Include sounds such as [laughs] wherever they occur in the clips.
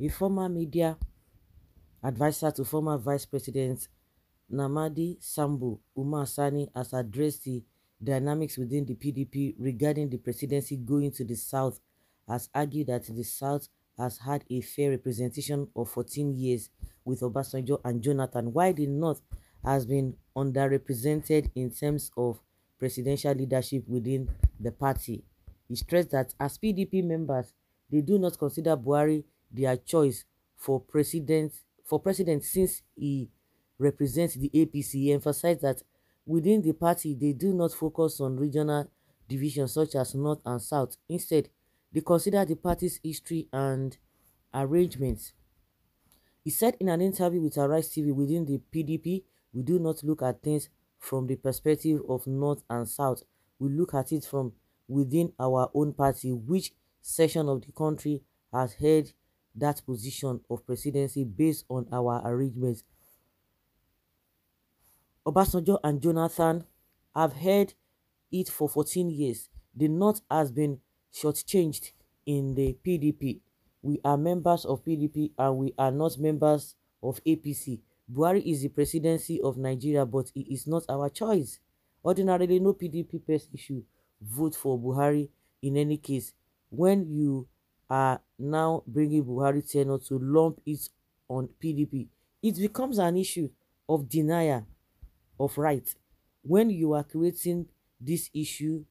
a former media adviser to former Vice President Namadi Sambu Umasani, Sani has addressed the dynamics within the PDP regarding the presidency going to the South, has argued that the South has had a fair representation of 14 years with Obasanjo and Jonathan, while the North has been underrepresented in terms of presidential leadership within the party. He stressed that as PDP members, they do not consider Buhari their choice for president for president since he represents the APC. He emphasized that within the party, they do not focus on regional divisions such as North and South. Instead, they consider the party's history and arrangements. He said in an interview with Arise TV within the PDP, we do not look at things from the perspective of North and South. We look at it from within our own party, which section of the country has had that position of presidency based on our arrangements. Obasanjo and Jonathan have held it for 14 years. The knot has been shortchanged in the PDP. We are members of PDP and we are not members of APC. Buhari is the presidency of Nigeria, but it is not our choice. Ordinarily, no PDP person should vote for Buhari in any case. When you are now bringing Buhari tenure to lump it on PDP, it becomes an issue of denial of right when you are creating this issue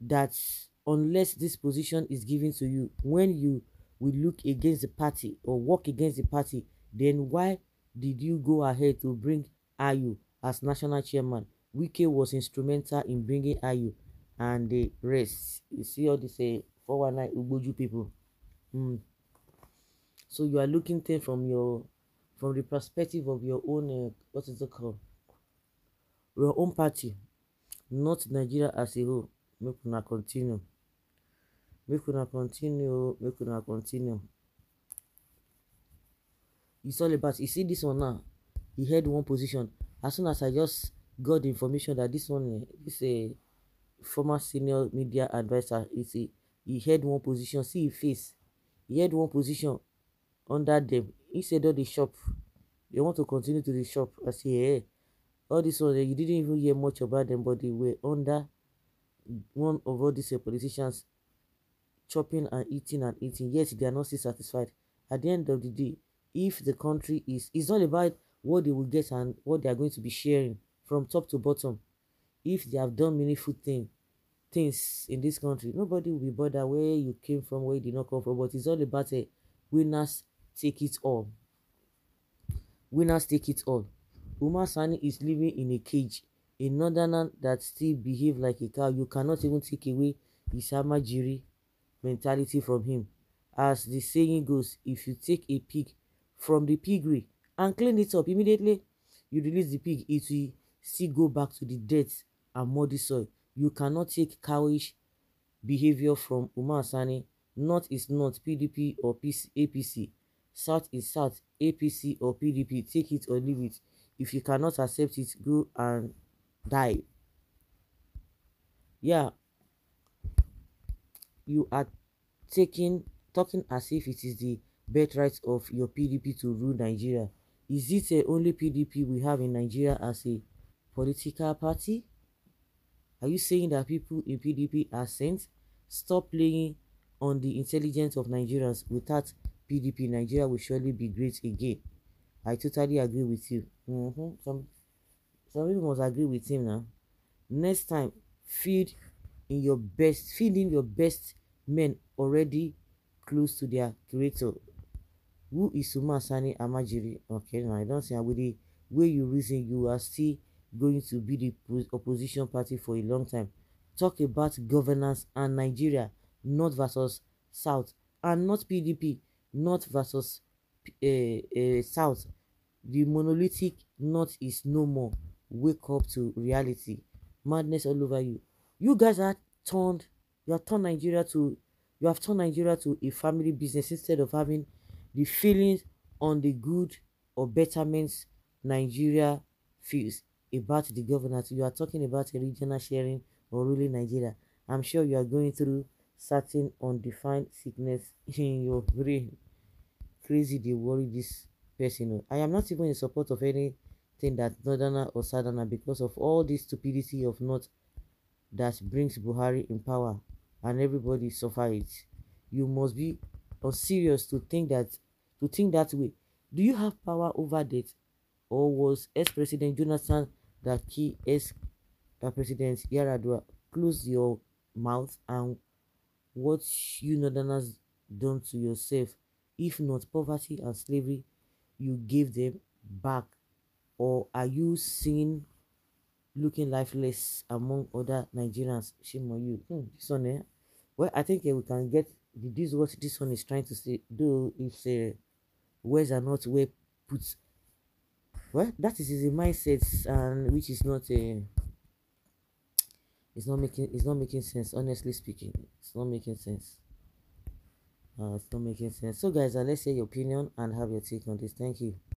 that unless this position is given to you when you will look against the party or work against the party then why did you go ahead to bring ayu as national chairman wike was instrumental in bringing ayu and the rest you see all this uh, 419 Ugboju people. Mm. So you are looking thing from your from the perspective of your own uh, what is it called? Your own party, not Nigeria as a whole. Make una continue. Make una continue. Oh. Make una continue. It's all about you see this one now. He had one position. As soon as I just got the information that this one, eh, is a eh, former senior media advisor, You see. He held one position. See his face. He held one position under them. He said all the shop. They want to continue to the shop. as he. hey, all this one, eh, you didn't even hear much about them, but they were under one of all these uh, politicians chopping and eating and eating. Yet they are not still satisfied. At the end of the day, if the country is, it's all about what they will get and what they are going to be sharing from top to bottom. If they have done meaningful thing things in this country. Nobody will be bothered where you came from, where you did not come from, but it's all about a eh, winners take it all. Winners take it all. Uma Sani is living in a cage. A northerner that still behave like a cow. You cannot even take away his Amajiri mentality from him. As the saying goes, if you take a pig from the piggery and clean it up immediately, you release the pig, it will still go back to the dirt and muddy soil. You cannot take cowish behavior from Umar Sani. North is North PDP or PC, APC. South is South APC or PDP. Take it or leave it. If you cannot accept it, go and die. Yeah, you are taking talking as if it is the birthright of your PDP to rule Nigeria. Is it the only PDP we have in Nigeria as a political party? Are you saying that people in PDP are saints? Stop playing on the intelligence of Nigerians. Without PDP, Nigeria will surely be great again. I totally agree with you. Mm-hmm. Some, some people must agree with him now. Next time, feed in your best, feed in your best men already close to their creator. Who is Suma Sani Amajiri? Okay, now I don't say I The way you reason, you are still going to be the opposition party for a long time, talk about governance and Nigeria, North versus South, and not PDP, North versus uh, uh, South. The monolithic North is no more. Wake up to reality. Madness all over you. You guys are turned. You have turned Nigeria to. You have turned Nigeria to a family business instead of having the feelings on the good or betterments Nigeria feels about the governance. You are talking about a regional sharing or ruling Nigeria. I'm sure you are going through certain undefined sickness [laughs] in your brain. Crazy, they worry this person. I am not even in support of anything that northern or southern because of all this stupidity of not that brings Buhari in power and everybody suffer it. You must be serious to think that to think that way. Do you have power over that? Or was ex-president Jonathan that he is, ex-president uh, Yar'Adua close your mouth and what you northerners done to yourself, if not poverty and slavery, you give them back, or are you seen looking lifeless among other Nigerians? Shame on you. Hmm, this one, eh? Well, I think eh, we can get this what this one is trying to say, though if uh, eh, words are not well put well that is his mindset and which is not a eh, it's not making it's not making sense honestly speaking it's not making sense uh, it's not making sense so guys uh, let's hear your opinion and have your take on this thank you